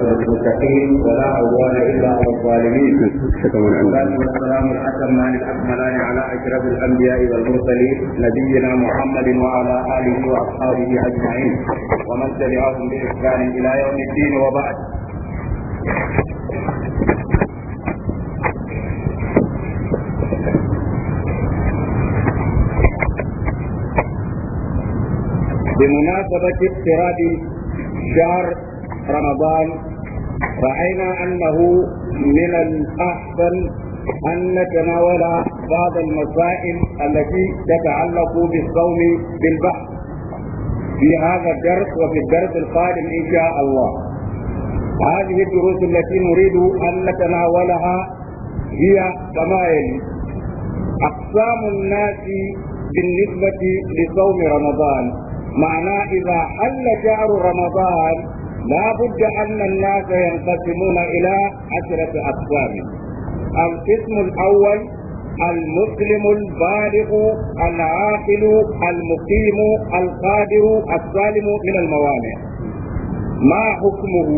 العاقبة للمتقين ولا عدوان إلا على الظالمين والسلام الأتمان الأكملان على أشرف الأنبياء والمرسلين نبينا محمد وعلى آله وأصحابه أجمعين ومن تبعهم بإحسان إلى يوم الدين وبعد بمناسبة اقتراب شهر رمضان رأينا أنه من الأحسن أن نتناول بعض المسائل التي تتعلق بالصوم بالبحث في هذا الدرس وفي الدرس القادم إن شاء الله هذه الدروس التي نريد أن نتناولها هي كما يلي أقسام الناس بالنسبة لصوم رمضان معناه إذا حل شهر رمضان لا بد أن الناس ينقسمون إلى عشرة أقسام القسم الأول المسلم البالغ العاقل المقيم القادر السالم من الموانع ما حكمه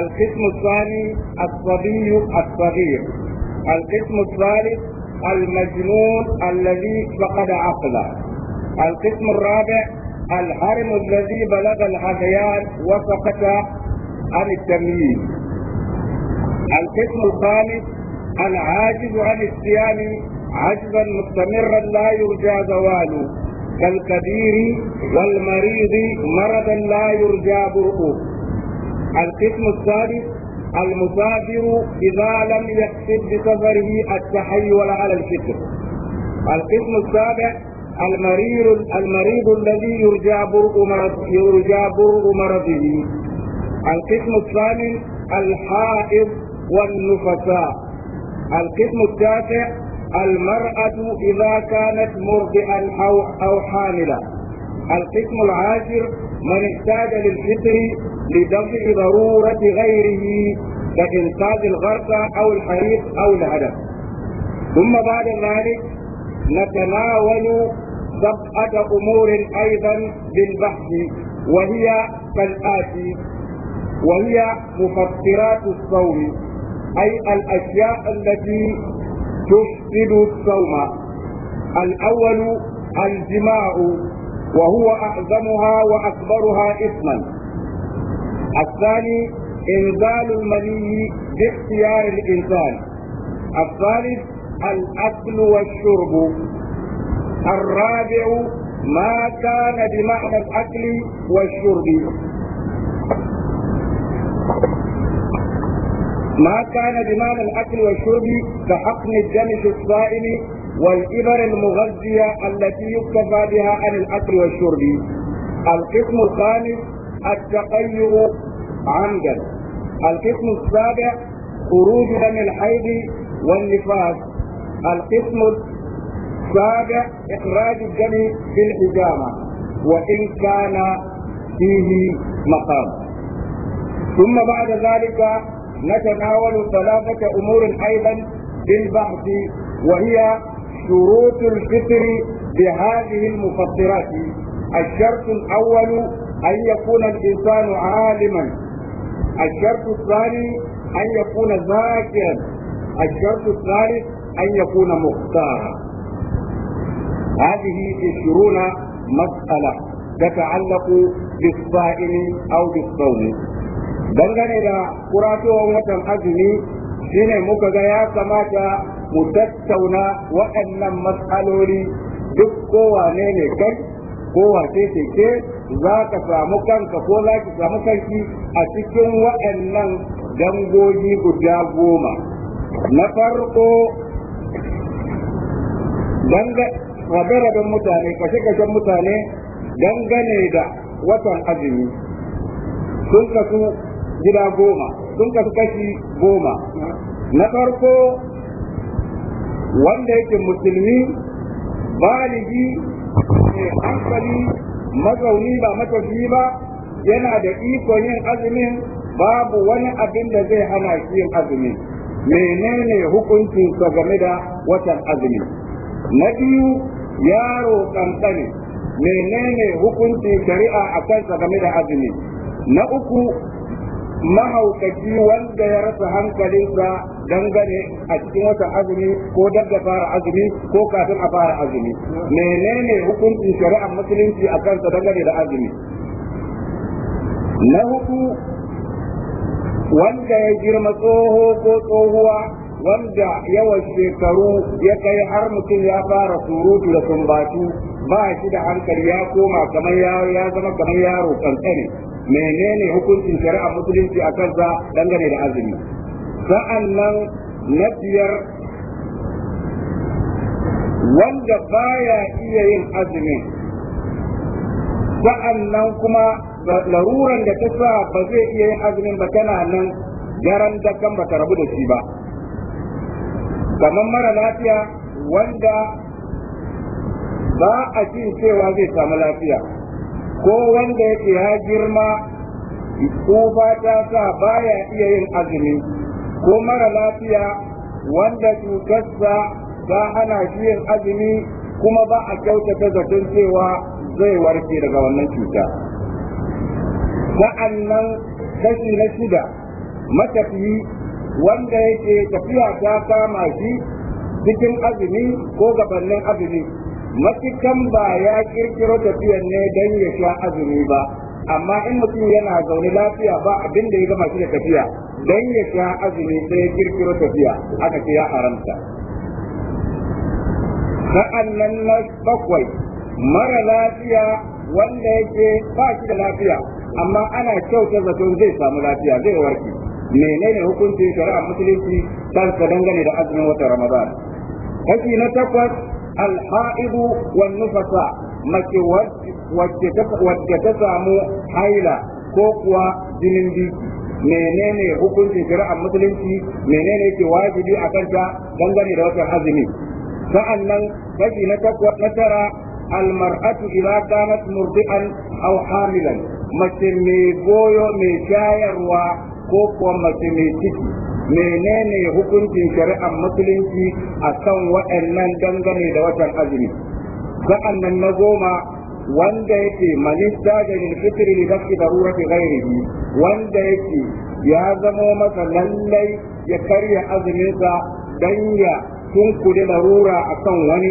القسم الثاني الصبي الصغير القسم الثالث المجنون الذي فقد عقله القسم الرابع الحرم الذي بلغ الهذيان وسقط عن التمييز القسم الخامس العاجز عن الصيام عجزا مستمرا لا يرجى زواله كالكبير والمريض مرضا لا يرجى برؤه القسم الثالث المسافر إذا لم يقصد بسفره التحي ولا على الفكر القسم السابع المريض المريض الذي يرجى برء يرجى برء مرضه القسم الثاني الحائض والنفساء القسم التاسع المرأة إذا كانت مرضئا أو أو حاملا القسم العاشر من احتاج للفطر لدفع ضرورة غيره كإنقاذ الغرق أو الحريق أو الهدف ثم بعد ذلك نتناول سبعة أمور أيضا للبحث وهي كالآتي وهي مفطرات الصوم أي الأشياء التي تفسد الصوم الأول الجماع وهو أعظمها وأكبرها إثما الثاني إنزال المني باختيار الإنسان الثالث الأكل والشرب الرابع ما كان بمعنى الأكل والشرب ما كان بمعنى الأكل والشرب كحقن الدم في الصائم والإبر المغذية التي يكتفى بها عن الأكل والشرب القسم الخامس التغير عمدا القسم السابع خروج دم الحيض والنفاس القسم السابع إخراج الدم بالحجامة وإن كان فيه مقام ثم بعد ذلك نتناول ثلاثة أمور أيضا بالبحث وهي شروط الفطر بهذه المفطرات الشرط الأول أن يكون الإنسان عالما الشرط الثاني أن يكون ذاكرا الشرط الثالث أن يكون مختارا هذه عشرون مسألة تتعلق بالصائم أو بالصوم dangane da kuratowar watan azumi shine muka ga ya samata mu tattauna waɗannan matsaloli duk kowane ne kai kowa ce za ka samu kanka ko za ki samu kanki a cikin waɗannan dangogi guda goma na farko dangane rabe-raben mutane kashe-kashen mutane dangane da watan azumi sun kasu gida goma sun kasu kashi goma na farko wanda yake musulmi baligi mai hankali mazauni ba matafi ba yana da ikon yin azumin babu wani abin da zai hana shi yin azumi menene hukuncinsa game da watan azumi na biyu yaro kankani menene hukunci shari'a a kansa game da azumi na uku mahaukaci wanda ya rasa hankalinsa dangane a cikin watan azumi ko dab da fara azumi ko kafin a fara azumi menene hukuncin shari'ar musulunci a kansa dangane da azumi na hudu wanda ya girma tsoho ko tsohuwa wanda yawan shekaru ya kai har mutum ya fara surutu da sumbatu ba shi da hankali ya koma kamar yaro ya zama kamar yaro kankane menene hukuncin shari'a musulunci a kansa dangane da azumi sa'an na biyar wanda baya iya yin azumin sa'an nan kuma laruran da ta sa ba zai iya yin azumin ba tana nan garan da kan ba ta rabu da shi ba kamar mara lafiya wanda ba a cin cewa zai samu lafiya ko wanda yake ya girma tsufa ta sa baya iya yin azumi ko mara lafiya wanda cutarsa ta hana shi yin azumi kuma ba a kyautata zaton cewa zai warke daga wannan cuta sa'an nan kashi na shida matafiyi wanda yake tafiya ta kama shi cikin azumi ko gabanin azumi matukan ba ya kirkiro tafiyan ne don ya sha azumi ba amma in mutum yana zaune lafiya ba abin da ya gama shi da tafiya don ya sha azumi sai ya kirkiro tafiya aka ce ya haramta sa'annan na bakwai mara lafiya wanda yake ba shi da lafiya amma ana kyauta zaton zai samu lafiya zai warke menene hukuncin shari'ar musulunci kansa dangane da azumin wata ramadan kashi na takwas alha'ibu wa nufasa mace wacce ta samu haila ko kuwa jinin biki menene hukuncin shari'ar musulunci menene ke wajibi a kanta dangane da watan azumi sa'annan kashi na takwas na tara almar'atu idza kanat murdi'an aw hamilan mace mai goyo mai shayarwa ko kuwa mace mai ciki menene hukuncin shari'ar musulunci a kan waɗannan dangane da watan azumi sa'an nan na goma wanda yake malista da lilfitri da dafi da ruwa ghairihi wanda yake ya zamo masa lallai ya karya azuminsa dan ya tunkuli larura kan wani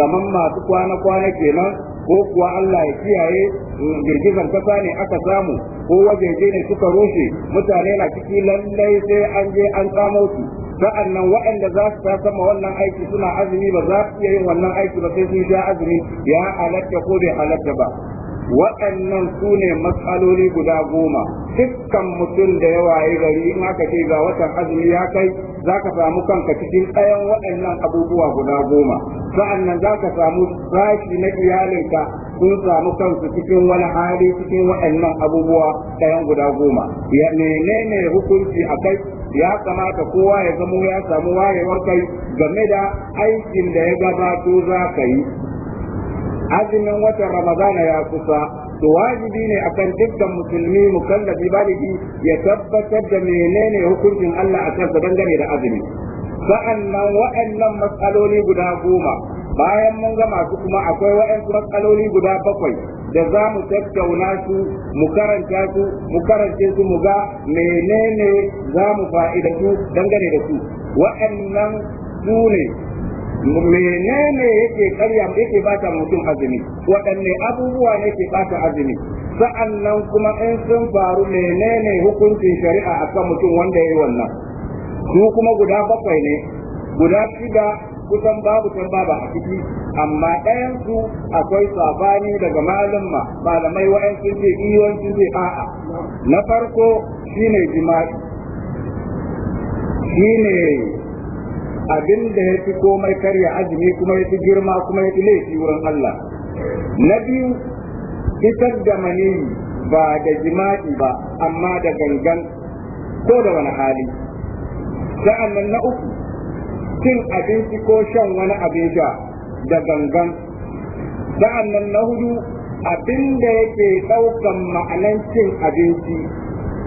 kamar masu kwana-kwana kenan ko kuwa Allah ya kiyaye girgizar kasa ne aka samu ko wajeje ne suka rushe mutane na ciki lallai sai an je an kama su sa'annan waɗanda za su sama wannan aiki suna azumi ba za su iya yin wannan aiki ba sai sun sha azumi ya halatta ko bai halatta ba waɗannan su ne matsaloli guda goma dukkan mutum da yawa ya gari in aka ce ga watan azumi ya kai za ka samu kanka cikin ɗayan waɗannan abubuwa guda goma sa'an nan za ka samu sashi na iyalinka sun samu kansu cikin wani hali cikin waɗannan abubuwa ɗayan guda goma menene hukunci a kai ya kamata kowa ya zamo ya samu wayewar kai game da aikin da ya gabato za ka yi azumin watan ramadana ya kusa to wajibi ne akan dukkan musulmi mukallafi baligi ya tabbatar da menene hukuncin Allah a kansa dangane da azumi sa'annan wa'annan matsaloli guda goma bayan mun ga masu kuma akwai wa'ansu matsaloli guda bakwai da za mu tattauna su mu karanta su mu karance su mu ga menene za mu fa'ida su dangane da su wa'annan su ne menene yake karya yake bata mutum azumi waɗanne abubuwa ne ke bata azumi sa'annan kuma in sun faru menene hukuncin shari'a akan mutum wanda yayi wannan su kuma guda bakwai ne guda shida kusan babu can babu a ciki amma ɗayan su akwai sabani daga malamma malamai wa'an sun ce iyon sun ce a'a na farko shine jima'i shine abin da ya fi komai karya azumi kuma ya fi girma kuma ya fi laifi wurin Allah na biyu fitar da maniyi ba da jima'i ba amma da gangan ko da wani hali sa'an nan na uku cin abinci ko shan wani abin sha da gangan sa'an nan na hudu abin da yake ɗaukan ma'anan cin abinci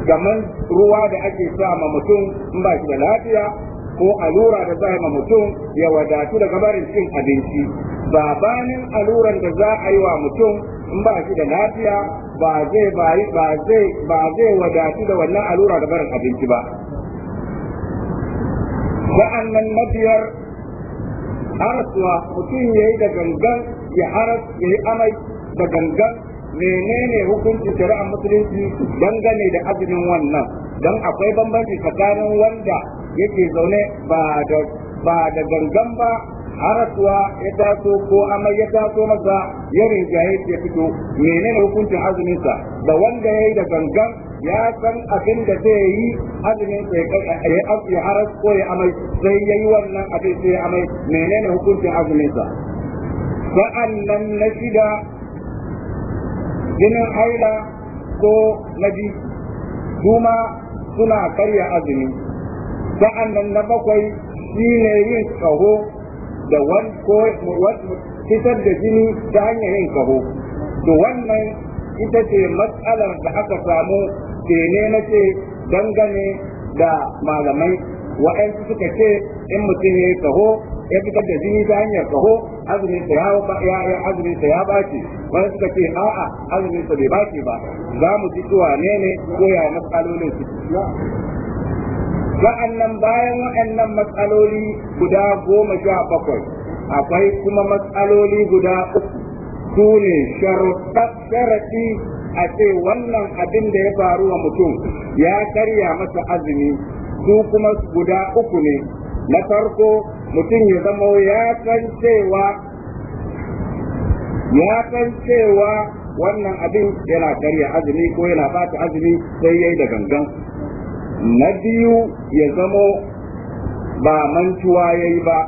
kamar ruwa da ake sa ma mutum in ba shi da lafiya ko allura da za ma mutum ya wadatu daga barin cin abinci ba banin alluran da za a yi wa mutum in ba shi da lafiya ba zai ba zai ba zai wadatu da wannan allura da barin abinci ba sa'annan na harasuwa mutum ya yi da gangan ya haras ya yi amai da gangan menene hukuncin shari'ar musulunci dangane da azumin wannan don akwai bambanci tsakanin wanda yake zaune ba da gangan ba harasuwa ya taso ko amai ya taso masa ya rinjaye ya fito menene hukuncin azuminsa da wanda ya yi da gangan ya san abin da zai yi azumin sai ya haras ko ya amai sai ya yi wannan abin sai ya amai menene hukuncin azuminsa sa'an nan na shida jinin haila ko na bi kuma suna karya azumi sa'an nan na bakwai shine yin kaho da fitar da jini ta hanyar yin kaho to wannan ita ce matsalar da aka samu ne na ce dangane da malamai wa'ansu suka ce in mutum ya yi kaho ya fitar da jini ta hanyar kaho azumin sa ya ya azumin sa ya wani suka ce a'a azumin sa bai baci ba za mu ji cewa ne ne ko ya matsalolin su wa'annan bayan waɗannan matsaloli guda goma sha bakwai akwai kuma matsaloli guda uku su ne sharaɗi a ce wannan abin da ya faru wa mutum ya karya masa azumi su kuma guda uku ne na farko mutum ya zama ya san cewa ya san cewa wannan abin yana karya azumi ko yana bata azumi sai yayi da gangan na biyu ya zamo ba mantuwa ya yi ba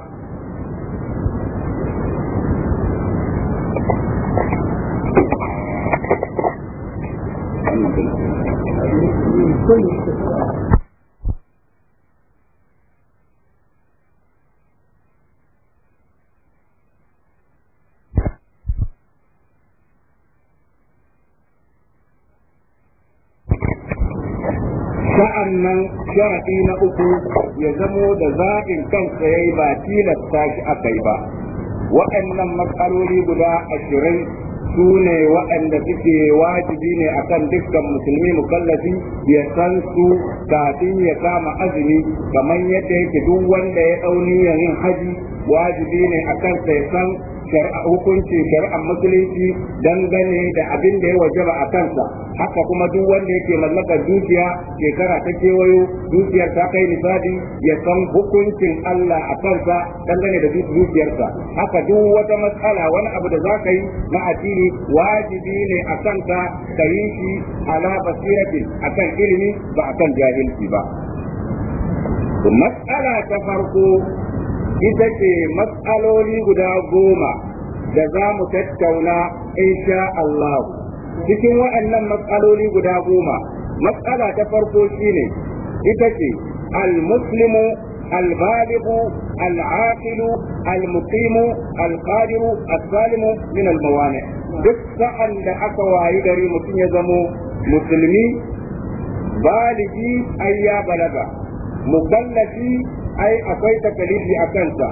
sharaɗi na uku ya zamo da zaɓin kansa yi ba tilasta shi aka yi ba waɗannan matsaloli guda ashirin su ne waɗanda suke wajibi ne akan dukkan musulmi mukallafi ya san su kafin ya kama azumi kamar yadda yake duk wanda ya ɗauni yin haji wajibi ne akan sai san hukuncin shari'ar musulunci dangane da abin da ya wajaba a kansa haka kuma duk wanda yake mallakar dukiya shekara ta kewayo dukiyar ta kai nisadi ya san hukuncin Allah a kansa dangane da dukiyarsa haka duk wata matsala wani abu da za ka yi na addini wajibi ne a kanka ka yi shi ala basiratin akan ilimi ba akan jahilci ba matsala ta farko ita ce matsaloli guda goma da za mu tattauna insha Allah cikin waɗannan matsaloli guda goma matsala ta farko shine ita ce al-muslimu al العاقل al القادر min من duk sa'an da aka wayi gari mutum ya zamo musulmi baligi ayya ya balaga mukallafi ai akwai takalifi a kansa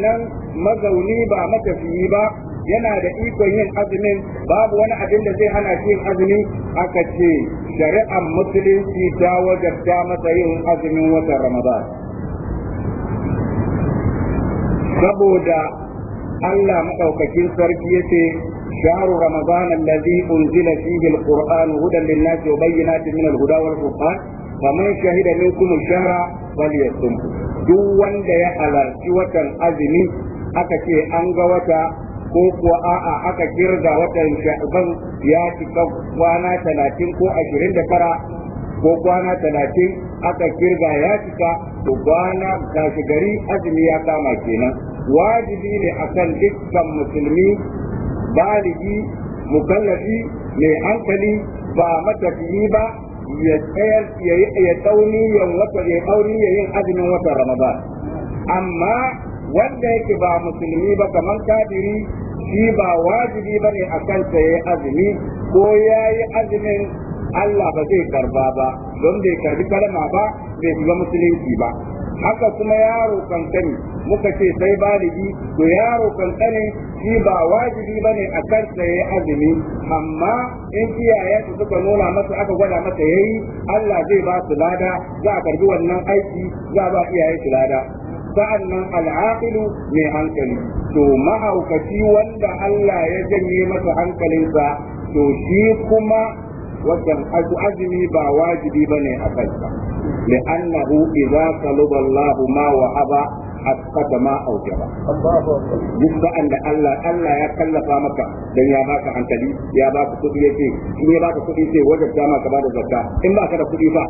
nan mazauni ba matafiyi ba yana da ikon yin azumin babu wani abin da zai hana shi yin azumi aka ce shari'ar musulunci ta wajabta masa yin azumin watan ramadan saboda Allah maɗaukakin sarki ya yace شهر رمضان الذي أنزل فيه القرآن هدى للناس وبينات من الهدى والفرقان faman shahida minkum shahra falyasum duk wanda ya halarci watan azumi aka ce an ga wata ko kuwa a'a aka kirga watan sha'ban ya cika kwana talatin ko ashirin da tara ko kwana talatin aka kirga ya cika to kwana tashi gari azumi ya kama kenan wajibi ne akan dukkan musulmi baligi mukallafi mai hankali ba matafiyi ba ya tsayar ya tauniyan wata ya tauniyan yin azumin watan Ramadan amma wanda yake ba musulmi ba kamar kadiri shi ba wajibi bane akan sa yayi azumi ko yayi azumin Allah ba zai karba ba don bai karbi kalma ba bai shiga musulunci ba haka kuma yaro kankani muka ce sai baligi to yaro kankani shi ba wajibi bane a kan yayi azumi amma in iyayen su suka nuna masa aka gwada masa yayi Allah zai ba su lada za a karbi wannan aiki za a ba iyaye su lada sa'annan al'aqilu mai hankali to mahaukaci wanda Allah ya janye masa hankalinsa to shi kuma wasan azumi ba wajibi ne a kansa li'annahu idza talaba Allahu ma wahaba asqata ma duk Allah Allah ya kallafa maka dan ya baka hankali ya baka kudi in ya baka kudi sai ma ka bada zakka in baka da kudi ba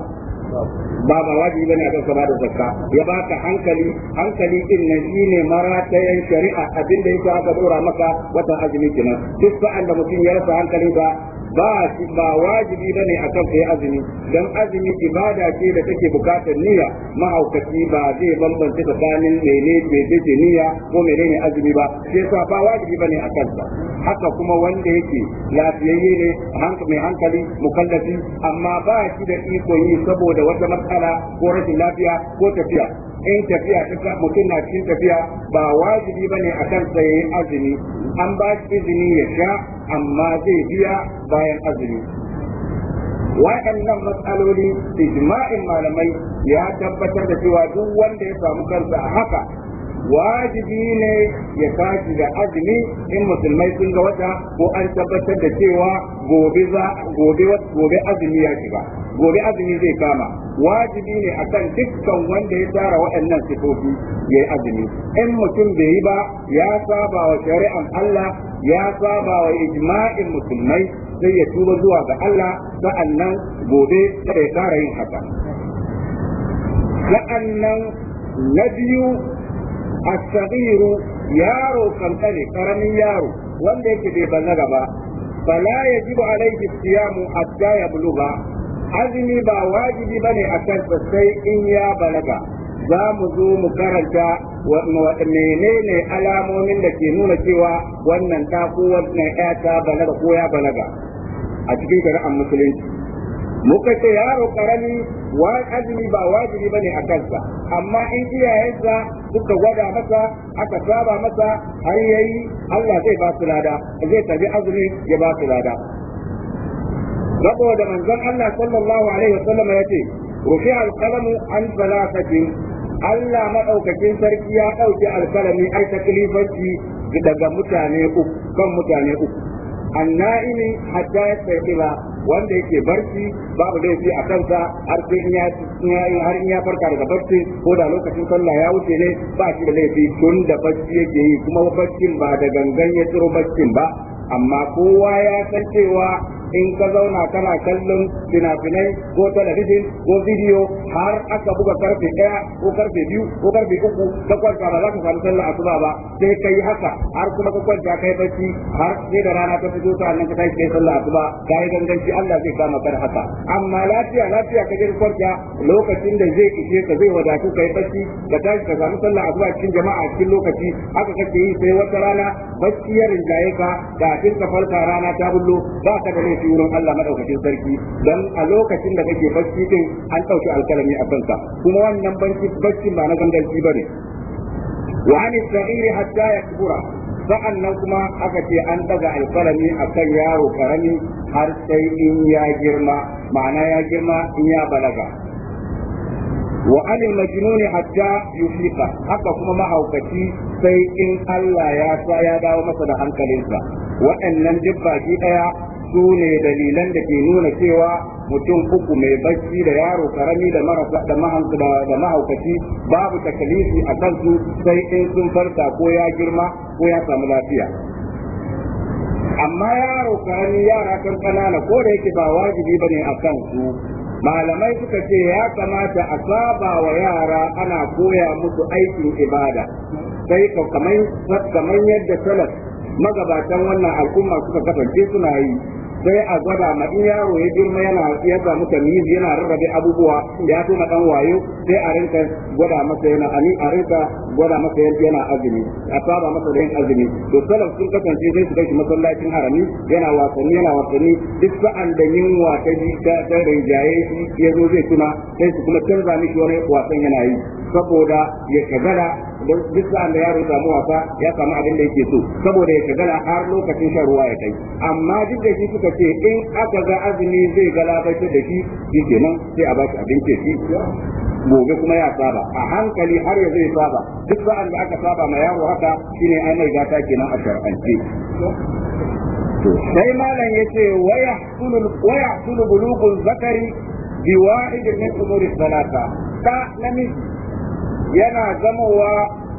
ba wajibi bane bada zakka ya baka hankali hankali din nan shine shari'a yake aka dora maka wata azumi kenan duk sa'an mutum ya rasa hankali ba ba ba wajibi bane akan kai azumi dan azumi ibada ce da take bukatar niyya mahaukaci ba zai bambance tsakanin mene mene niyya ko menene azumi ba sai sa ba wajibi bane akan sa haka kuma wanda yake lafiyayye ne mai hankali mukallafi amma ba shi da iko yi saboda wata matsala ko rashin lafiya ko tafiya in tafiya ta mutum na cikin tafiya ba wajibi ba ne a kan tsaye azumi an ba shi izini ya sha amma zai biya bayan azumi waɗannan matsaloli ijma'in malamai ya tabbatar da cewa duk wanda ya samu kansa a haka wajibi ne ya tashi da azumi in musulmai sun ga wata ko an tabbatar da cewa gobe azumi ya shiga gobe azumi zai kama wajibi ne a kan dukkan wanda ya tara waɗannan sifofi ya yi azumi in mutum bai yi ba ya saba wa shari'an Allah ya saba wa ijma'in musulmai sai ya tuba zuwa ga Allah sa'annan gobe sai ya tara yin haka sa'annan na biyu as-saghiru yaro kankane karamin yaro wanda yake bai balaga ba fala yajibu alayhi siyamu hatta yabluga azumi ba wajibi bane akan sai in ya balaga za mu zo mu karanta menene alamomin da ke nuna cewa wannan ta ko wannan ya ta balaga ko ya balaga a cikin shari'ar musulunci muka ce yaro karami azumi ba wajibi bane a kansa amma in iyayensa suka gwada masa aka saba masa har yayi Allah zai ba su lada zai tabi azumi ya ba su lada saboda manzon Allah sallallahu alaihi wasallam ya ce rufi alqalamu an salasatin Allah madaukakin sarki ya dauke alkalami ai kilifanci daga mutane uku kan mutane uku annaimi hatta ba. wanda yake barci babu laifi a kansa har sai in har in ya farka daga barci ko da lokacin sallah ya wuce ne ba shi da laifi tun da barci yake yi kuma barcin ba da gangan ya tsiro barcin ba amma kowa ya san cewa in ka zauna kana kallon fina ko talabijin ko bidiyo har aka buga karfe ɗaya ko karfe biyu ko karfe uku ka kwanta ba za ka samu sallar asuba ba sai ka yi haka har kuma ka kwanta kai bacci har sai da rana ta fito sa'annan ka tashi kai sallar asuba ka yi ganganci Allah zai kama kar haka amma lafiya lafiya ka je kwanta lokacin da zai ishe ka zai wadatu kai bacci ka tashi ka samu sallar asuba cikin jama'a cikin lokaci haka kake yi sai wata rana bacci ya rinjaye ka kafin ka farka rana ta bullo ba ka da shi wurin Allah madaukakin sarki dan a lokacin da kake bacci din an dauki alkalami a kanka kuma wannan banci bacci ba na ganganci bane wa an sa'ir hatta yakbura sa'annan kuma aka ce an daga alkalami akan yaro karami har sai in ya girma ma'ana ya girma in ya balaga wa anil majnun hatta yufiqa haka kuma mahaukaci sai in Allah ya sa ya dawo masa da hankalinsa waɗannan duk baki daya su ne dalilan da ke nuna cewa mutum uku mai bacci da yaro karami da mahaukaci babu takalifi a kansu sai in sun farta ko ya girma ko ya samu lafiya amma yaro karami yara kan kanana ko da yake ba wajibi ba ne a kansu malamai suka ce ya kamata a saba wa yara ana koya musu aikin ibada sai kamar yadda salaf magabatan wannan al'umma suka kasance suna yi sai a gwada ma in yaro ya girma yana ya samu tamizi yana rarrabe abubuwa ya tona dan wayo sai a rinka gwada masa yana ani a rinka gwada masa yana azumi a saba masa da yin azumi to salaf sun kasance sai su kai masallacin harami yana wasanni yana wasanni duk sa'an da yin ta ji ta rinjaye ya zo zai tuna sai su kuma canza mishi wani wasan yana yi saboda ya shagala don duk sa'an da yaro samu wasa ya samu abin da yake so saboda ya shagala har lokacin shan ruwa ya kai amma duk da shi suka ce in aka ga azumi zai galabaitar da shi shi kenan sai a bashi abinci shi gobe kuma ya saba a hankali har ya zai saba duk sa'an da aka saba ma yaro haka shine ai mai gata kenan a shar'ance sai malam ya ce waya sulu bulugun zakari bi wahid min umuri salata ta namiji yana zamowa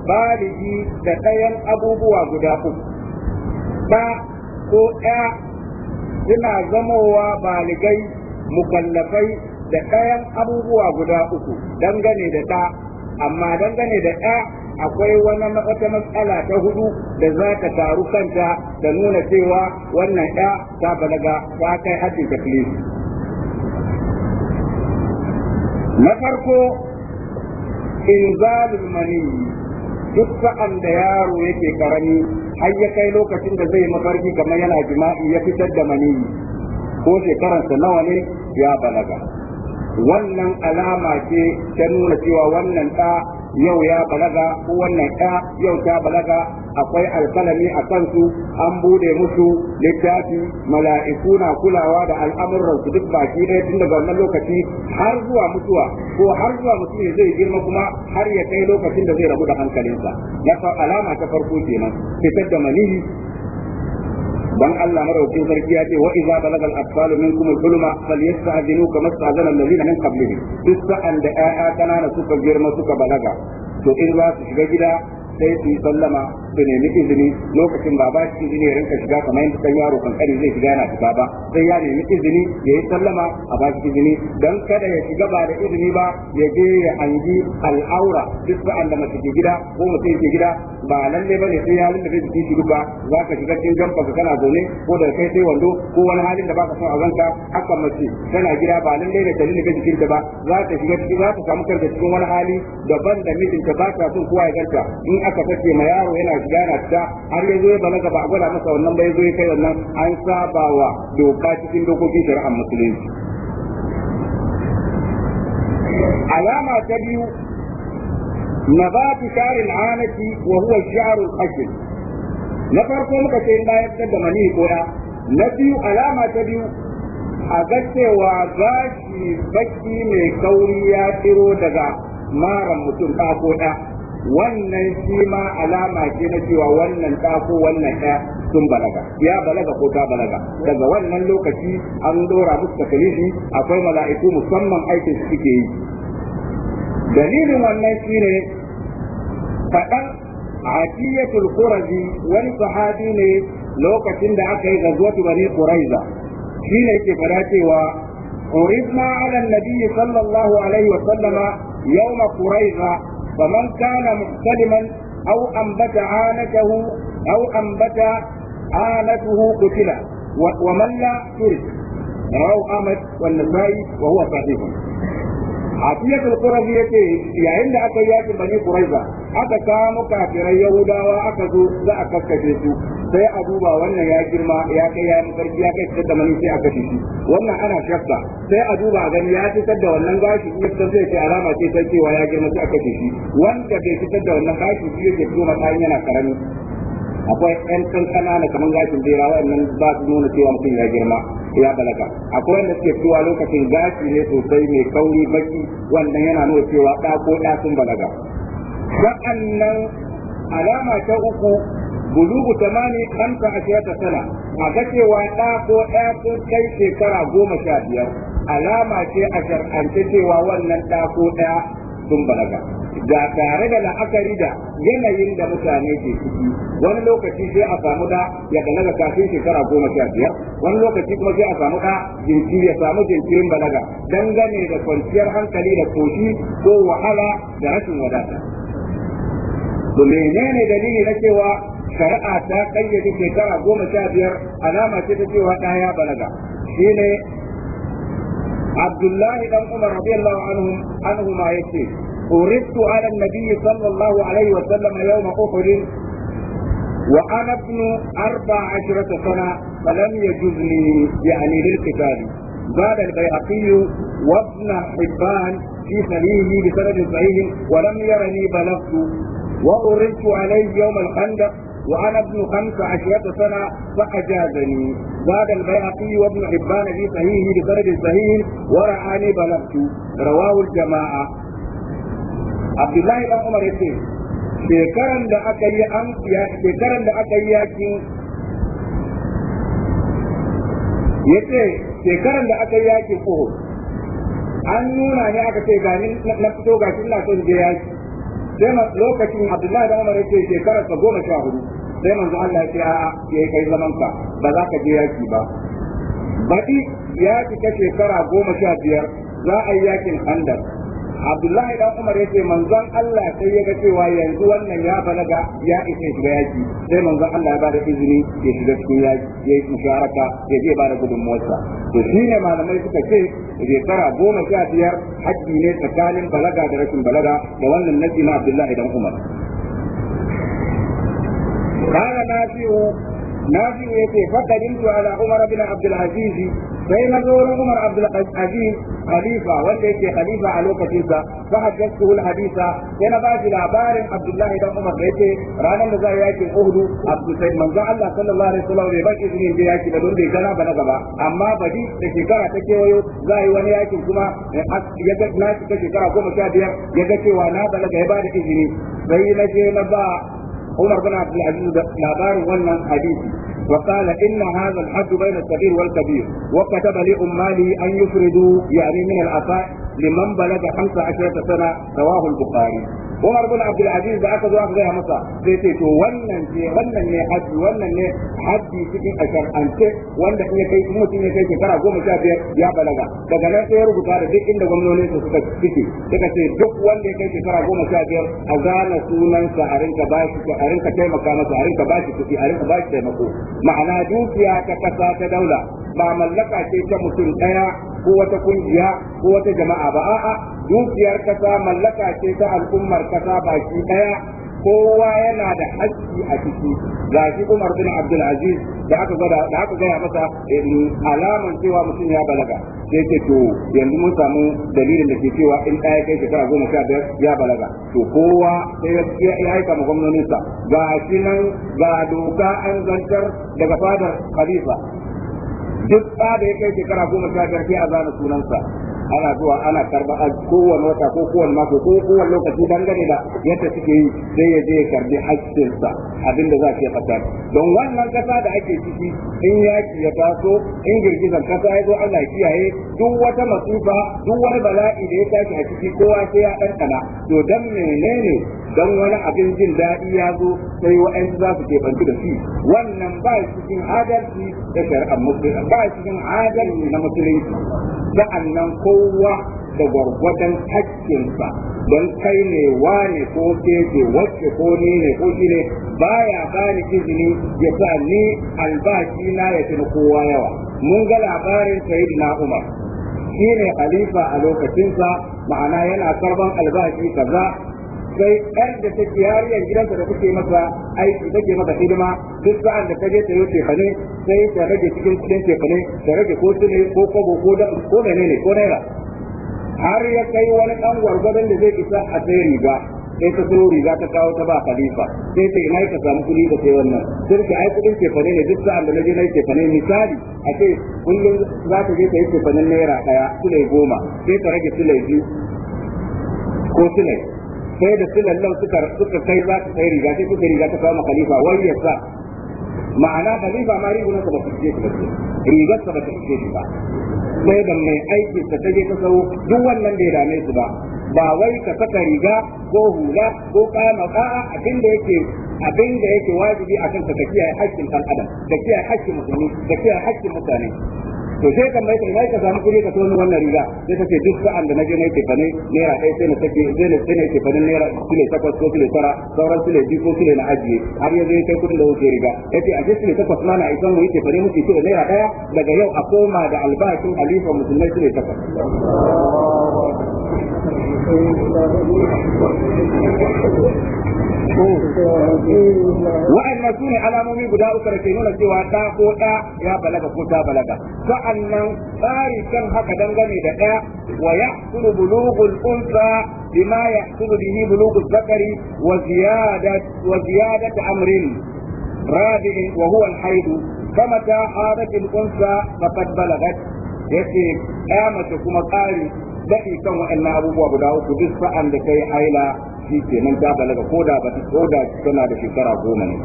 baligi da ɗayan abubuwa guda uku ɗa ko ɗaya suna zamowa baligai mukallafai da ɗayan abubuwa guda uku dangane da ɗa amma dangane da ɗa akwai wani wata matsala ta hudu da za ta taru kanta da nuna cewa wannan ɗa ta balaga ta kai hajji na farko inzal mani duk sa'an da yaro yake karami har ya kai lokacin da zai mafarki kamar yana jima'i ya fitar da mani ko shekaransa nawa ne ya balaga wannan alama ce ta nuna cewa wannan ɗa yau ya balaga ko wannan ɗa yau ta balaga akwai alkalami a kan su an bude musu littafi mala'iku na kulawa da al'amuran su duk baki ɗaya tun daga wannan lokaci har zuwa mutuwa ko har zuwa mutum ne zai girma kuma har ya kai lokacin da zai rabu da hankalinsa na alama ta farko kenan fitar da manihi dan Allah madaukakin sarki ya ce wa idza balaga al-atfal minkum al-hulma falyasta'dinu kama sta'zana alladhina min qablihim duk sa'an da ƴaƴa kanana suka girma suka balaga to in za su shiga gida sai su sallama su nemi izini lokacin ba ba shi izini ya rinka shiga kamar yadda dan yaro kankani zai shiga yana shiga ba sai ya nemi izini ya yi sallama a ba shi izini dan kada ya shiga ba da izini ba ya je ya hangi al'aura duk sa'an da mace ke gida ko mutum ke gida ba lalle ba ne sai ya halin zai jiki shiga ba za ka shiga cikin jamfa ka kana zaune ko da kai sai wando ko wani halin da baka so a zanka haka mace tana gida ba lalle da dalilin da jikinta ba za ta shiga ciki za ta samu kanta cikin wani hali daban da mijinta ba ta son kowa ya ganta in aka sace ma yaro yana gana ta har ya zo ya balaga ba a gwada masa wannan bai zo ya kai wannan an saba wa doka cikin dokokin shari'ar musulunci alama ta biyu na ba ta نبات anaki wa huwa الشعر الخشن na farko muka ce bayan da mani koya na biyu alama ta biyu a ga cewa gashi baki mai kauri ya tiro daga maran mutum ta ko ɗaya wannan shi ma alama ce na cewa wannan ta ko wannan ɗaya sun balaga ya balaga ko ta balaga daga wannan lokaci an dora musu takalifi akwai mala'iku musamman aikin su suke yi dalilin wannan shine faɗan hadiyatul qurazi wani sahabi ne lokacin da aka yi gazwatu bani quraiza shine yake fara cewa uribna ala nabi sallallahu alaihi wa sallama ma quraiza فمن كان مختلما أو أنبت عانته أو أنبت عانته قتل ومن لا ترك رواه أحمد والنسائي وهو صحيح afiyatul qurazi yace yayin da aka yaki bani quraiza aka kamo kafirai yahudawa aka zo za a kakkace su sai a duba wannan ya girma ya kai ya yi karfi ya kai fitar da mani sai aka tafi wannan ana shakka sai a duba a gani ya fitar da wannan gashi in ya fitar zai ce alama ce ta cewa ya girma sai aka tafi shi wanda bai fitar da wannan gashi shi yake fito ta yana karami akwai yan kankana na kamar gashin bera wayannan ba su nuna cewa mutum ya girma ya balaga akwai wanda suke cewa lokacin gashi ne sosai mai kauri baki wannan yana nuna cewa ɗa ko ɗa sun balaga wa'annan alama ta uku bulugu tamani hamsa ashirata sana a ga cewa ɗa ko ɗa sun kai shekara goma sha biyar alama ce a shar'ance cewa wannan ɗa ko ɗa sun balaga ga tare da la'akari da yanayin da mutane ke ciki wani lokaci sai a samu da ya balaga kafin shekara goma sha biyar wani lokaci kuma sai a samu da jinkiri ya samu jinkirin balaga dangane da kwanciyar hankali da koshi ko wahala da rashin wadata to menene dalili na cewa shari'a ta kayyade shekara goma sha biyar alama ce ta cewa ɗaya balaga shine Abdullahi dan Umar radiyallahu anhu anhu ma yace فردت على النبي صلى الله عليه وسلم يوم أحد وأنا ابن أربع عشرة سنة فلم يجزني يعني للقتال زاد البيهقي وابن حبان في صحيحه بسند صحيح ولم يرني بلغت وأردت عليه يوم الخندق وأنا ابن خمس عشرة سنة فأجازني زاد البيهقي وابن حبان في صحيحه بسند صحيح ورعاني بلغت رواه الجماعة abdullahi dan umar yace shekaran da aka yi an shekaran da aka yi yaki yace shekaran da aka yi yaki ko an nuna ne aka ce gani na fito ga shi ina so je yaki sai ma lokacin abdullahi dan umar yace shekarar sa goma sha hudu sai manzo Allah ya ce a'a yayi kai zaman ka ba za ka je yaki ba baɗi ya fita shekara goma sha biyar za a yi yakin handar Abdullahi dan Umar ya ce manzon Allah sai ya ga cewa yanzu wannan ya balaga ya isa shiga yaki sai manzon Allah ya bada izini ya shiga cikin yaki ya yi musharaka ya je bada gudunmuwarsa to shi ne malamai suka ce shekara goma sha biyar haƙƙi ne tsakanin balaga da rashin balaga da wannan nasi na Abdullahi dan Umar nafi ya ce fakarintu ala umar bin abdul aziz sai na zo wurin umar abdul aziz khalifa wanda yake khalifa a lokacin sa fa haddathu al hadisa sai na ba shi labarin abdullahi dan umar da yake ranar da za a yaki uhudu abdul sai manzo Allah sallallahu alaihi wasallam bai baki izinin da yaki da don bai gana bana gaba amma bari da shekara ta kewayo za a yi wani yakin kuma ya ga na shekara goma sha biyar ya ga cewa na balaga ya ba da izini sai na je na ba عمر بن عبد العزيز لابار ونن حديث وقال إن هذا الحد بين الصغير والكبير وكتب لأماله أن يفردوا يعني من العطاء لمن بلغ 15 سنة رواه البخاري Umar bin Abdul Aziz da aka zo aka gaya masa sai ce to wannan ce wannan ne haji wannan ne haji cikin ashar'ance wanda in ya kai in mutum ya kai shekara goma sha biyar ya balaga daga nan sai ya rubuta da duk inda gwamnonin su suka fice suka ce duk wanda ya kai shekara goma sha biyar a zana sunansa a rinka ba shi a rinka taimaka masa a rinka ba shi kuɗi a rinka ba shi taimako ma'ana dukiya ta ƙasa ta daula ba mallaka ce ta mutum ɗaya ko wata kungiya ko wata jama'a ba a'a dukiyar kasa mallaka ce ta al'ummar kasa baki daya kowa yana da haƙƙi a ciki ga shi Umar bin Abdul Aziz da aka gada da aka gaya masa eh, alaman cewa mutum ya balaga sai ce to yanzu mun samu dalilin da ke cewa in ɗaya kai shekara goma sha biyar ya balaga to kowa sai ya aika ma gwamnoninsa ga shi nan ga doka an zantar daga fadar khalifa duk ɗa da ya kai shekara goma sha biyar sai a zana sunansa ana zuwa ana karba a kowane wata ko kowane mako ko kowane lokaci dangane da yadda suke yi sai ya je ya karbi haƙƙinsa abinda za ke fata don wannan kasa da ake ciki in yaki ya taso in girgizar kasa ya zo Allah kiyaye duk wata masifa duk wani bala'i da ya tashi a ciki kowa sai ya ɗanɗana to dan menene don wani abin jin daɗi ya zo sai wa'ansu za su ke keɓanci da shi wannan ba cikin adalci da shari'ar musulunci ba cikin adalci na musulunci sa'annan ko. kowa da gwargwadon hakkinsa don kai ne wane ko keke wacce ko ni ne ko shi ne baya bani izini ya sa ni albashi na ya fi kowa yawa mun ga labarin na umar shi ne halifa a lokacinsa ma'ana yana karban albashi kaza sai ɗan da ta yariyar gidansa da kuke masa aiki take masa hidima duk sa'an da ta je ta yi tefane sai ta rage cikin kudin tefane ta rage ko ko kobo ko da ko menene ko naira har ya kai wani ɗan gwargwadon da zai isa a sai riga sai ta sayo riga ta kawo ta ba khalifa sai ta yi ka samu kuɗi da sai wannan sai ka ai kuɗin tefane ne duk sa'an da na je na tefane misali a ce kullum za ta je ta yi tefanen naira ɗaya sulai goma sai ta rage sulai biyu ko sulai sai da sulallan suka suka kai za ta kai riga sai suka riga ta kama khalifa wai ya sa ma'ana khalifa ma rigunan sa ba su ce ba rigar sa ba ta ce ba sai da mai aiki ta taje ta sau duk wannan bai dame su ba ba wai ka saka riga ko hula ko kama a'a abinda da yake abin da yake wajibi akan ka kiyaye haƙƙin ɗan adam ka kiyaye haƙƙin musulmi ka kiyaye haƙƙin mutane to sai kan mai kai ka samu kuɗi ka tono wannan riga sai ka ce duk sa'an da naje nake fane naira ɗaya sai na sake sai na sai nake fane naira kile takwas ko kile tara sauran kile biyu ko kile na ajiye har yanzu kai kuɗin da wuce riga ce a kile takwas ma na isan mu yake fane muke kile naira ɗaya daga yau a koma da albashin halifa musulmai kile takwas wa'annan su ne alamomi guda uku da ke nuna cewa ɗa ko ɗa ya balaga ko ta balaga sa'annan tsari kan haka dangane da ɗaya wa ya kulu bulugul unsa bima ya kulu bihi bulugul zakari wa ziyadat amrin رابع وهو الحيض فمتى حاضت الأنثى فقد بلغت ɗaya قامت kuma قاري dafi kan wa'annan abubuwa guda uku duk sa'an da kai aila. shi nan ta balaga ko da ba ko da tana da shekara goma ne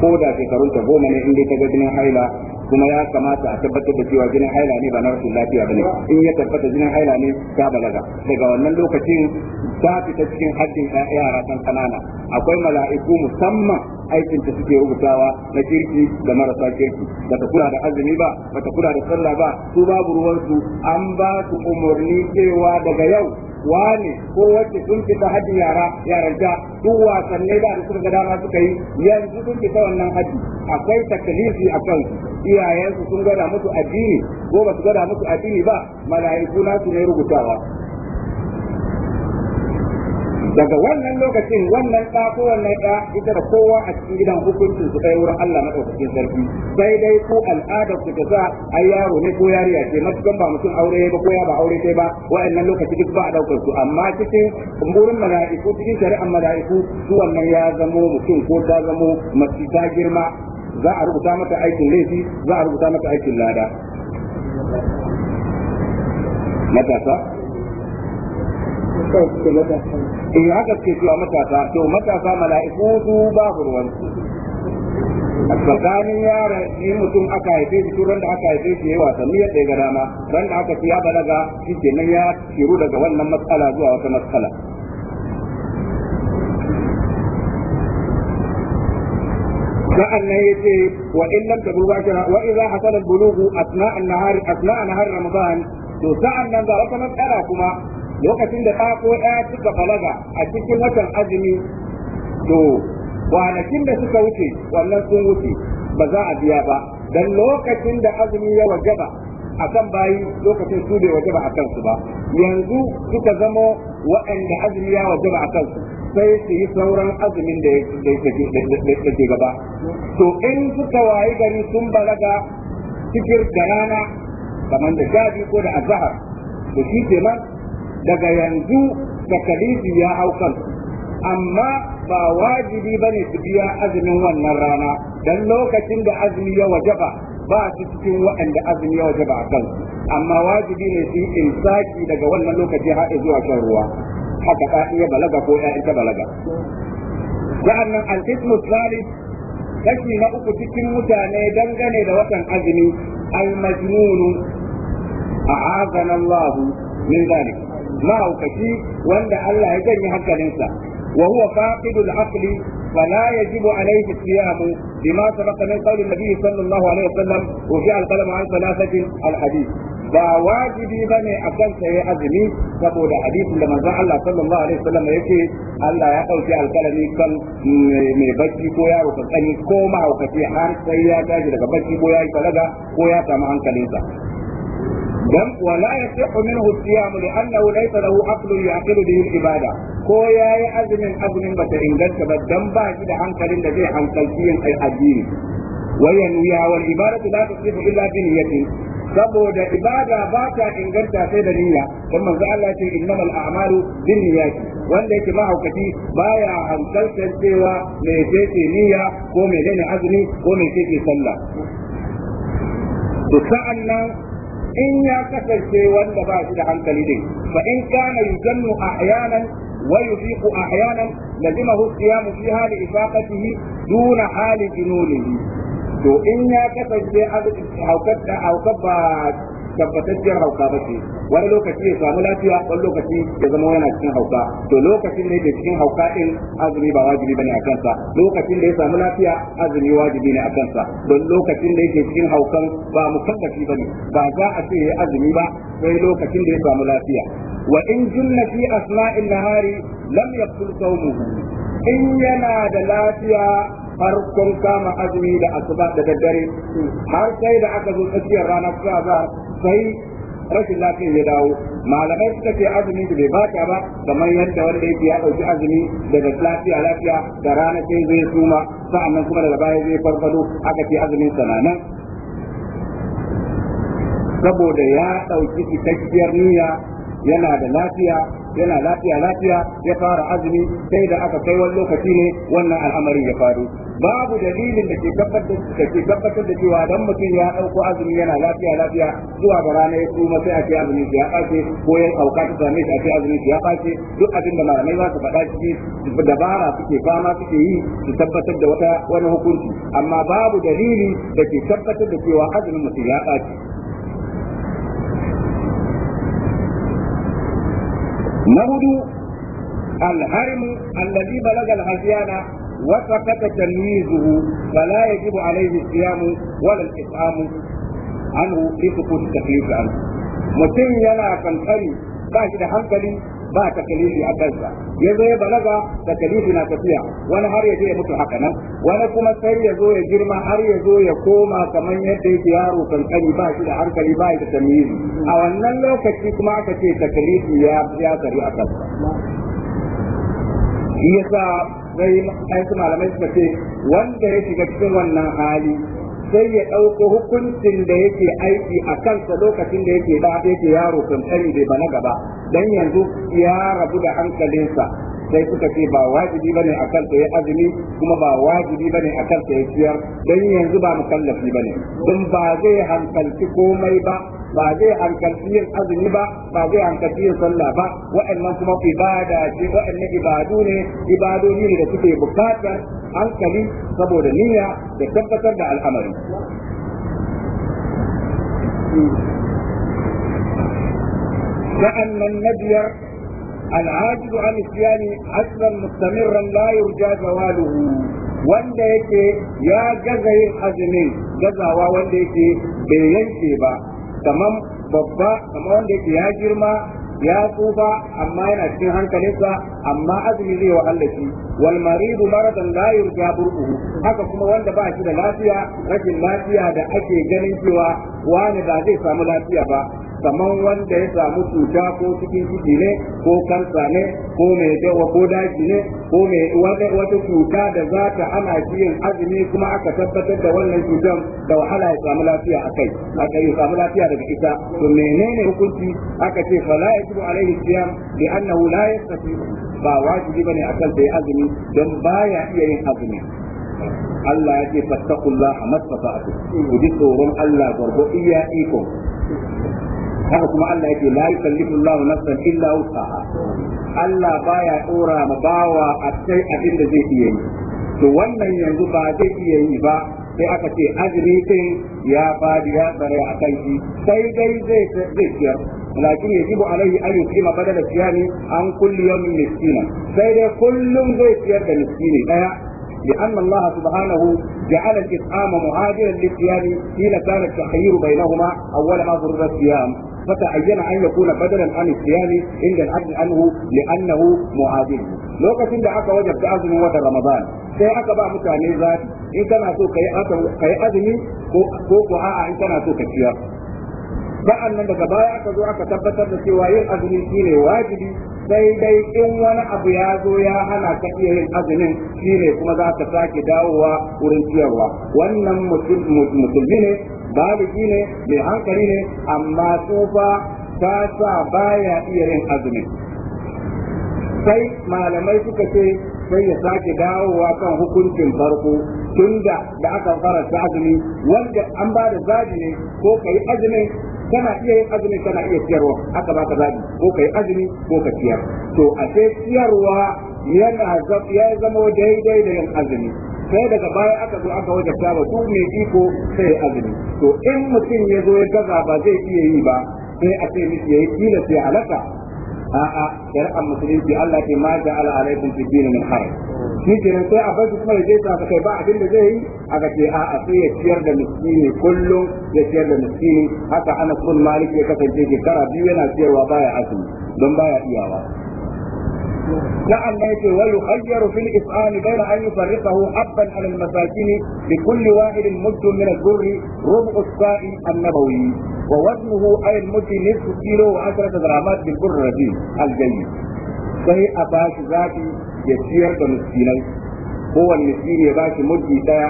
ko da shekarun ta goma ne in dai ta ga jinin haila kuma ya kamata a tabbatar da cewa jinin haila ne ba na rashin lafiya bane in ya tabbata jinin haila ne ta balaga daga wannan lokacin ta fita cikin haddin yara kan kanana akwai mala'iku musamman aikin ta suke rubutawa na kirki da marasa kirki bata kula da azumi ba bata kula da sallah ba su babu ruwansu an ba su umarni cewa daga yau wani ko wacce sun fita hajji yara yaranta duk wasanni da suka ga dama suka yi yanzu sun fita wannan hajji akwai takalifi a kan iyayensu sun gwada musu addini ko ba su gwada musu addini ba mala'iku na su ne rubutawa daga wannan lokacin wannan ɗa ko wannan ɗa ita da kowa a cikin gidan hukuncin su kai wurin Allah madaukakin sarki sai dai ko al'adar su ta sa ai yaro ne ko yariya ce matukan ba mutum aure ba ko ya ba aure sai ba wa'annan lokaci duk ba a daukar su amma cikin wurin mala'iku cikin shari'ar mala'iku su wannan ya zamo mutum ko ta zamo mace ta girma za a rubuta mata aikin laifi za a rubuta mata aikin lada matasa In haka suke cewa matasa to matasa mala'iku su ba ruwan a tsakanin yara shi mutum aka haife shi turan da aka haife shi yayi wasanni yadda ya gada ma ran da aka ci ya balaga shi ke nan ya shiru daga wannan matsala zuwa wata matsala sa'annan yace wa in lam tabu bashara wa idza hasala al-bulugh asna an-nahar asna an-nahar ramadan to sa'annan ga wata matsala kuma lokacin da ta ko ɗaya suka balaga a cikin watan azumi to kwanakin da suka wuce wannan sun wuce ba za a biya ba dan lokacin da azumi ya wajaba a kan bayi lokacin su bai wajaba a kansu ba yanzu suka zama waɗanda azumi ya wajaba a kansu sai su yi sauran azumin da ke gaba to in suka wayi gari sun balaga cikin da rana kamar da jadi ko da azahar to shi kenan daga yanzu takalifi ya hau amma ba wajibi ba ne su biya azumin wannan rana don lokacin da azumi ya wajaba ba su cikin waɗanda azumi ya ba a kansu amma wajibi ne su yi insaki daga wannan lokaci har zuwa shan ruwa haka ta ya balaga ko ya ita balaga sa'annan al-ismu salis kashi na uku cikin mutane dangane da watan azumi al-majnun a'azana Allah min zalik mahaukaci wanda Allah ya janye hankalinsa wa huwa faqidul aqli فلا يجب عليه الصيام بما سبق من قول النبي صلى wa عليه وسلم وجاء القلم عن ثلاثة الحديث ba wajibi bane a kansa ya azumi saboda hadisin da manzon Allah sallallahu alaihi wasallam yake Allah ya dauki alkalami kan mai bacci ko yaro kankani ko mahaukaci har sai ya gaji daga bacci ko ya yi balaga ko ya samu hankalinsa dan wala yasihu minhu Allah li'annahu laysa lahu aqlun yaqilu da yin ibada ko yayi azumin ba ta inganta ba dan ba shi da hankalin da zai hankalci yin addini wa ya wal ibadatu la tasihu illa bi niyyati saboda ibada ba ta inganta sai da niyya dan manzo Allah ya ce innamal a'malu niyyati wanda yake mahaukaci baya hankaltar cewa me ce niyya ko me ne azumi ko me ce sallah to sa'annan in ya kasance wanda ba shi da hankali ne fa in kana yujannu ahyanan wa yufiqu ahyanan lazimahu siyamu fi hali ifaqatihi duna hali jununihi to in ya kasance haukar da haukar ba tabbatacciyar hauka ba ce wani lokaci ya samu lafiya wani lokaci ya zama yana cikin hauka to lokacin ne ke cikin hauka din azumi ba wajibi bane a kansa lokacin da ya samu lafiya azumi wajibi ne a kansa don lokacin da yake cikin haukan ba mukaddafi bane ba za a ce azumi ba sai lokacin da ya samu lafiya wa in junna fi asma'in nahari lam yaqtul sawmuhu in yana da lafiya farkon kama azumi da asuba da daddare har sai da aka zo tsakiyar rana kusa ba sai rashin lafiya ya dawo malamai suka ce azumi da bai bata ba kamar yadda wanda yake ya dauki azumi daga lafiya lafiya da rana sai zai suma sa'annan kuma daga baya zai farfado aka ce azumin sananan saboda ya dauki cikakkiyar niyya yana da lafiya yana lafiya lafiya ya fara azumi sai da aka kai wani lokaci ne wannan al'amari ya faru babu dalilin da ke tabbatar da ke tabbatar cewa dan mutum ya dauko azumi yana lafiya lafiya zuwa ga rana ya kuma sai a ce azumi ya bace ko ya sauka ta same shi a ce azumi ya bace duk abin da malamai za su faɗa ciki dabara suke fama suke yi su tabbatar da wata wani hukunci amma babu dalili da ke tabbatar da cewa azumin mutum ya bace na hudu alharimu alladhi balaga alhasiyana wa sakata tamyizuhu fala yajibu alayhi siyamu wala al-it'amu anhu li sukut taklif anhu mutum yana kankari ba shi da hankali ba takalifi a kansa ya zo ya balaga takalifi na tafiya wani har ya je ya mutu haka nan wani kuma sai ya zo ya girma har ya zo ya koma kamar yadda yake yaro kankani ba shi da hankali ba shi da tamizi a wannan lokaci kuma aka ce takalifi ya ya tsari a kansa shi yasa sai ai malamai suka ce wanda ya shiga cikin wannan hali sai ya ɗauko hukuncin da yake aiki a kansa lokacin da yake da yake yaro kankani bai bana gaba dan yanzu ya rabu da hankalinsa sai suka ce ba wajibi bane a kansa ya azumi kuma ba wajibi bane a kansa ya ciyar dan yanzu ba mukallafi bane don ba zai hankalci komai ba ba zai hankalci yin azumi ba ba zai hankalci yin sallah ba wa'annan kuma ibada ce wa'annan ibadu ne ibadu ne da suke bukatar hankali saboda niyya da tabbatar da al'amari sa'annan na biyar العاجز عن الصيام Musamman, مستمرا لا يرجى wanda yake ya gaza yin azumin gazawa wanda yake bai yanke ba kaman babba kaman wanda yake ya girma ya tsufa amma yana cikin hankalinsa amma azumi zai wahala shi wal maridu maradan la yurja burquhu haka kuma wanda ba shi da lafiya rashin lafiya da ake ganin cewa wani ba zai samu lafiya ba kamar wanda ya samu cuta ko cikin ciki ne ko kansa ne ko mai dawa ko daji ne ko mai wata cuta da za ta ana shi azumi kuma aka tabbatar da wannan cutar da wahala ya samu lafiya a kai aka yi samu lafiya daga ita to menene hukunci aka ce fala ya yajibu alaihi siyam bi annahu la yastati ba wajibi bane akan sai azumi don baya iya yin azumi Allah ya ce fattakullah masfata'atu ku ji tsoron Allah gargo iya iko haka kuma Allah ya ce la yukallifu Allah nafsan illa wusaha Allah baya dora ma bawa a sai abin da zai iya yi to wannan yanzu ba zai iya yi ba sai aka ce azumi ya fadi ya tsare a kanki sai dai zai zai lakin yajibu alaihi an yuqima badala siyami an kulli yawmin miskina sai dai kullum zai ciyar da miskini daya لأن الله سبحانه جعل الإطعام مهاجرا للصيام حين كان التخيير بينهما أول ما فرض الصيام فتعين أن يكون بدلا عن الصيام عند العدل عنه لأنه مهاجر لوكا da aka wajabta azumin watan Ramadan sai aka ba mutane zafi in tana so kai azumi ko ko a'a in tana so ka ciyar sa'an nan daga baya aka zo aka tabbatar da cewa yin azumi shi ne wajibi sai dai in wani abu ya zo ya hana ka iya yin azumin shi ne kuma za ka sake dawowa wurin ciyarwa wannan musulmi ne baligi ne mai hankali ne amma tsufa ta sa baya iya yin azumi sai malamai suka ce sai ya sake dawowa kan hukuncin farko tunda da aka fara azumi wanda an ba da zabi ne ko ka yi azumin kana iya yin azumi kana iya ciyarwa aka baka zabi ko kai azumi ko ka siyar to a sai siyarwa yana ya zama daidai da yin azumi sai daga baya aka zo aka wajen ba duk mai iko sai azumi to in mutum ya zo ya gaza ba zai iya yi ba sai a ce ya yayi kila sai halaka a'a shari'ar musulunci Allah ke ma ja'ala alaikum fi dinin min haraj shi kenan sai a bar su kuma je ta kai ba abin da zai yi aka ce a'a sai ya ciyar da miskini kullum ya ciyar da miskini haka ana bin Malik ya kasance shekara biyu yana ciyarwa baya azumi don baya iyawa لأن يتي ويخير في الإسعان بين أن يفرقه حبا على المساكين لكل واحد مد من الذر ربع الساء النبوي ووزنه أي المدي نصف كيلو وعشرة غرامات بالبر الرجيم الجيد sai a bashi zaɓi ya ciyar da miskinai kowanne miskini ya bashi muddi ɗaya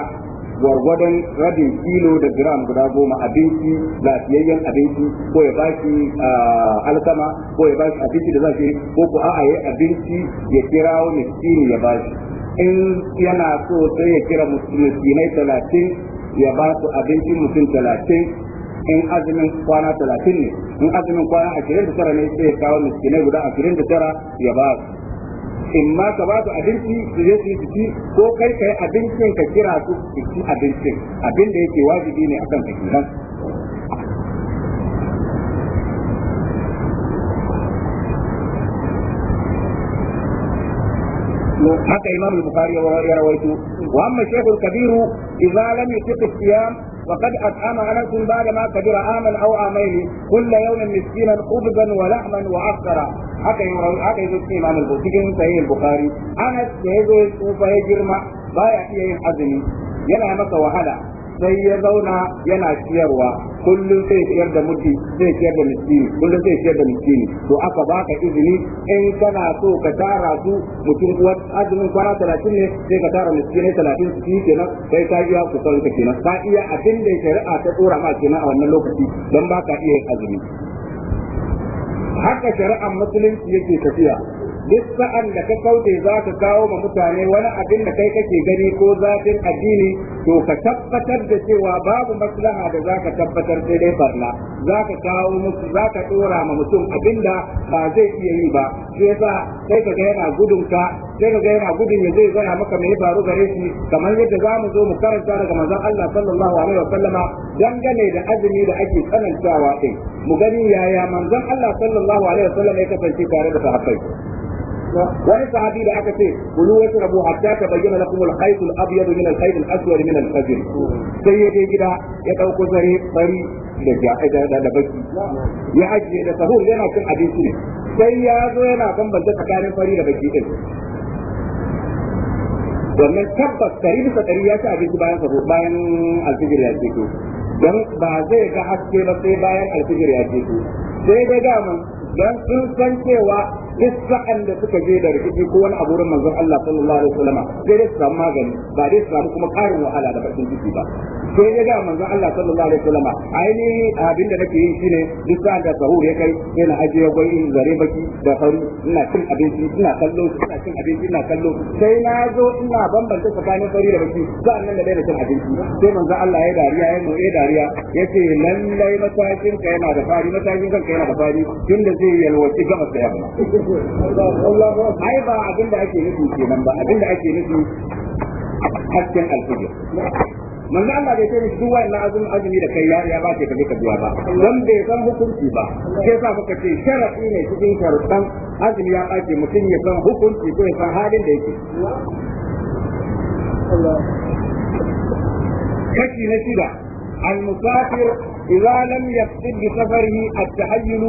gwargwadon rabin kilo da gram guda goma abinci lafiyayyen abinci ko ya bashi alkama ko ya bashi abinci da zafi ko ko a'a ya abinci ya kirawo miskini ya bashi in yana so sai ya kira miskinai talatin ya ba su abincin mutum talatin in azumin kwana talatin ne in azumin kwana ashirin da tara ne sai ya kawo miskinai guda ashirin da tara ya ba su in ma ka ba su abinci su je su yi ko kai kai abincin ka kira su su ci abincin abin da yake wajibi ne akan ka kenan حتى إمام البخاري bukhari ya rawaito wa amma shaykh al-kabir idza وقد أطعم أنس بعدما كبر عاما أو عامين كل يوم مسكينا خبزا ولحما وعسكرا haka yi haka yi zuci imam al cikin sahih al anas da yazo ya tsufa ya girma baya iya yin azumi yana maka wahala sai ya zauna yana ciyarwa kullum sai ciyar da mutu sai ciyar da miskini kullum sai ciyar da miskini to aka baka izini in kana so ka tara su mutum uwar azumin kwana talatin ne sai ka tara miskinai talatin su kenan sai ka iya kusan ka kenan ka iya abin da shari'a ta tsora ma kenan a wannan lokaci don baka iya yin azumi haka shari'ar musulunci yake tafiya duk sa'an da ka kauce za ka kawo ma mutane wani abin da kai kake gani ko zafin addini to ka tabbatar da cewa babu maslaha da za ka tabbatar sai dai barna za ka kawo musu za ka dora ma mutum abin da ba zai iya yi ba sai yasa sai ka ga yana gudun ka sai ka ga yana gudun ya zai gaya maka mai faru gare shi kamar yadda za mu zo mu karanta daga manzon Allah sallallahu alaihi wa sallama dangane da azumi da ake tsanantawa din mu gani yaya manzon Allah sallallahu alaihi wa sallam ya kasance tare da sahabbai wani sahabi da aka ce kulu wasu rabu hatta ta bayyana lakum al-khayt al-abyad min al-khayt al-aswad min al-fajr sai ya je gida ya dauko zare bari da ja eh, da baki ya aje da sahur yana cin abinci ne sai ya zo yana bambanta tsakanin fari da baki din domin tabbas dari bisa dari ya ci abinci bayan sahur bayan al-fajr ya ce don ba zai ga haske ba sai bayan al-fajr ya ce sai dai ga mun don sun san cewa duk sa'an da suka je da rikici ko wani abu wurin manzon Allah sallallahu alaihi wasallam sai dai su samu magani ba dai su samu kuma karin wahala da bakin ciki ba sai a ga manzon Allah sallallahu alaihi wasallam ainihin abin da nake yi shine duk sa'an da sahur ya kai sai na ajiye gwai zare baki da faru ina cin abinci ina kallo ina cin abinci ina kallo sai na zo ina bambanta tsakanin fari da baki sa'an nan da dai da cin abinci sai manzon Allah ya dariya ya noye dariya yace lallai matakin ka yana da fari matakin kanka yana da fari tunda zai yalwaci gaba da yamma ai ba abin da ake nufi kenan ba abin da ake nufi hasken alfijir manzo Allah bai ce duk wannan azumi azumi da kai ya ba ce ka je ka biya ba dan bai san hukunci ba sai yasa muka ce sharafi ne cikin sharuɗan azumi ya ɓace mutum ya san hukunci ko ya san halin da yake kashi na shida المسافر إذا لم يقصد بسفره التحيل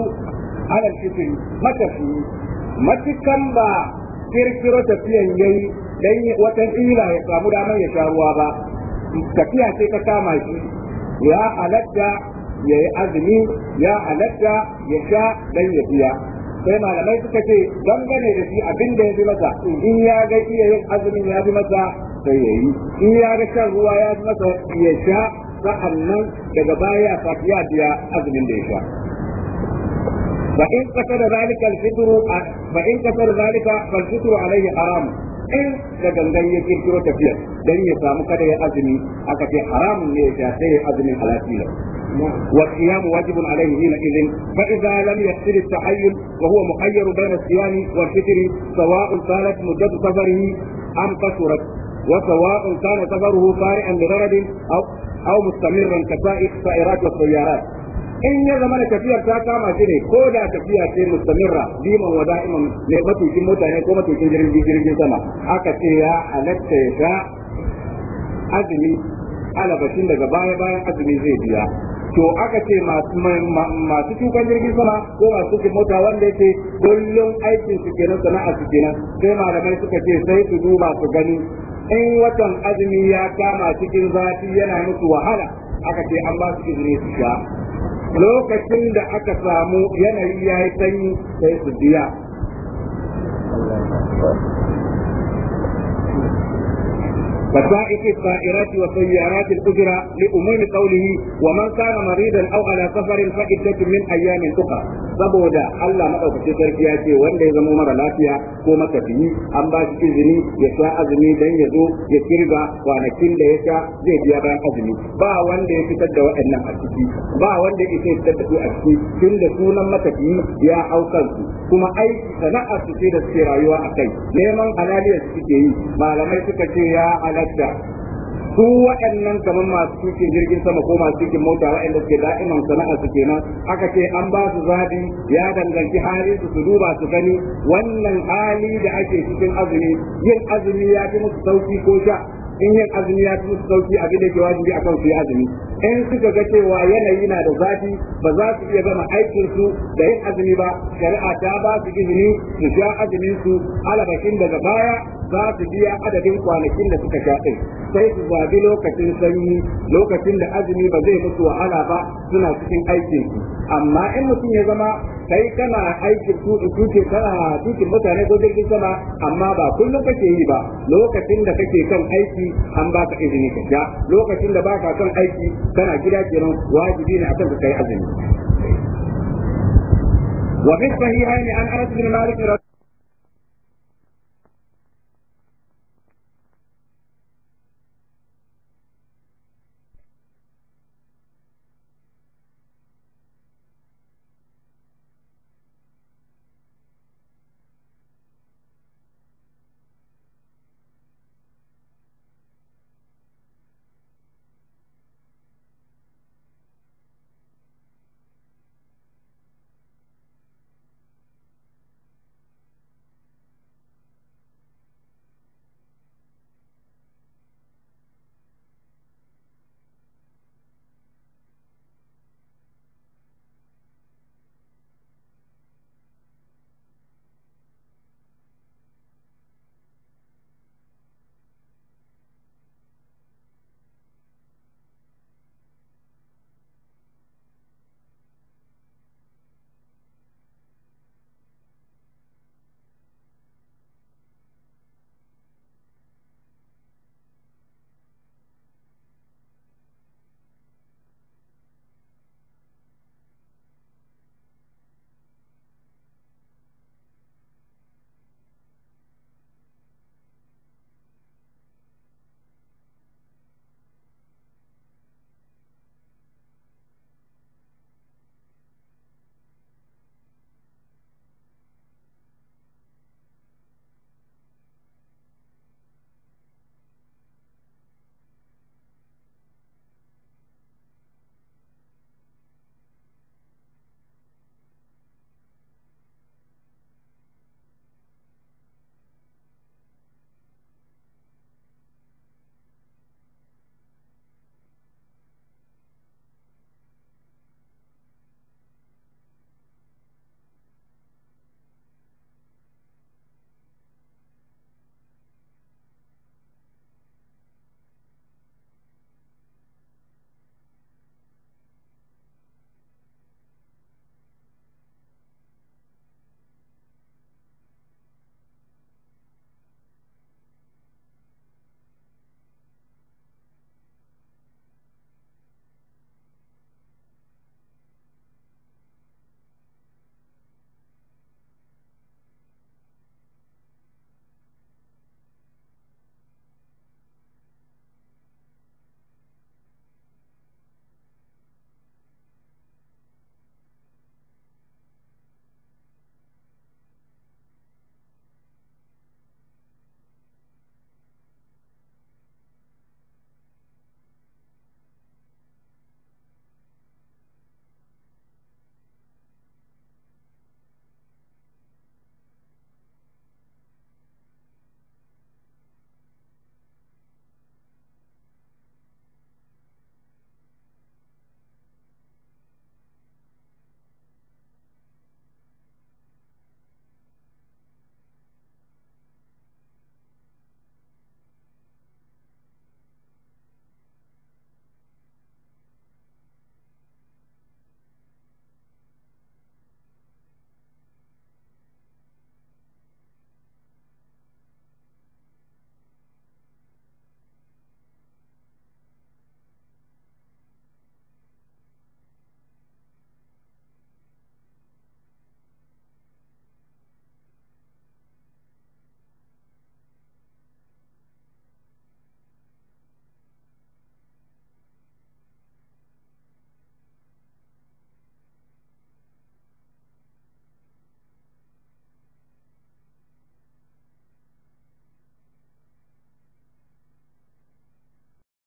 على الفطر متى فيه matukan ba kirkiro tafiyan yayi dan wata ila ya samu damar ya sha ruwa ba tafiya sai ka kama shi ya halatta ya yi azumi ya halatta ya sha dan ya biya sai malamai suka ce dangane da shi abin da ya bi masa in ya ga iya yin azumin ya bi masa sai ya yi in ya ga shan ruwa ya bi masa ya sha sa'annan daga baya ya biya azumin da ya sha فإن كسر ذلك الفطر فإن كسر ذلك فالفطر عليه حرام إن da دنيا ya كثير دنيا dan ya أزمي kada حرام azumi aka على haramun ne والصيام واجب عليه حينئذ فإذا لم يحصل التحيل وهو مخير بين الصيام والفطر سواء كانت مدة سفره أم قصرت وسواء كان سفره طارئا لغرض أو أو مستمرا كسائر السائرات والسيارات in ya zama da tafiyar ta kama shi ne ko da tafiya ce mustamirra liman wa da'iman ne matukin mutane ko matukin jirgin jirgin sama aka ce ya halatta ya sha azumi alabashin daga baya bayan azumi zai biya to aka ce masu tukan jirgin sama ko masu tukin mota wanda yake dullun aikin su kenan sana'a su kenan sai malamai suka ce sai su duba su gani in watan azumi ya kama cikin zafi yana musu wahala aka ce an ba su izini su sha lokacin da aka samu yanayi ya yi sanyi sai su biya وسائق الطائرات وسيارات الأجرة لأمور قوله ومن كان مريضا safarin على سفر فعدة من أيام أخرى saboda Allah madaukakin sarki ya ce wanda ya zama mara lafiya ko matafiyi an ba shi izini ya sha azumi dan ya zo ya kirga kwanakin da ya sha zai biya bayan azumi ba wanda ya fitar da waɗannan a ciki ba wanda ya fitar da su a ciki tun da sunan matafiyi ya hau kuma ai sana'ar su da suke rayuwa a kai neman halaliyar suke yi malamai suka ce ya halal yadda su waɗannan kamar masu tukin jirgin sama ko masu tukin mota waɗanda suke da'iman sana'a su kenan aka ce an ba su zaɓi ya danganci halin su su duba su gani wannan hali da ake cikin azumi yin azumi ya fi musu sauki ko sha in yin azumi ya fi musu sauki abin da ke wajibi a kan su yi azumi in suka ga cewa yanayi na da zafi ba za su iya gama aikin su da yin azumi ba shari'a ta ba su izini su sha azumin su alabashin daga baya za su biya adadin kwanakin da suka sha sai su zabi lokacin sanyi lokacin da azumi ba zai musu wahala ba suna cikin aikin amma in mutum ya zama kai kana aiki tuke kana mutane ko jirgin sama amma ba kullum kake yi ba lokacin da kake kan aiki an ba ka izini ka sha lokacin da baka kan aiki kana gida kenan wajibi ne akan ka kai azumi وفي الصحيحين عن انس بن مالك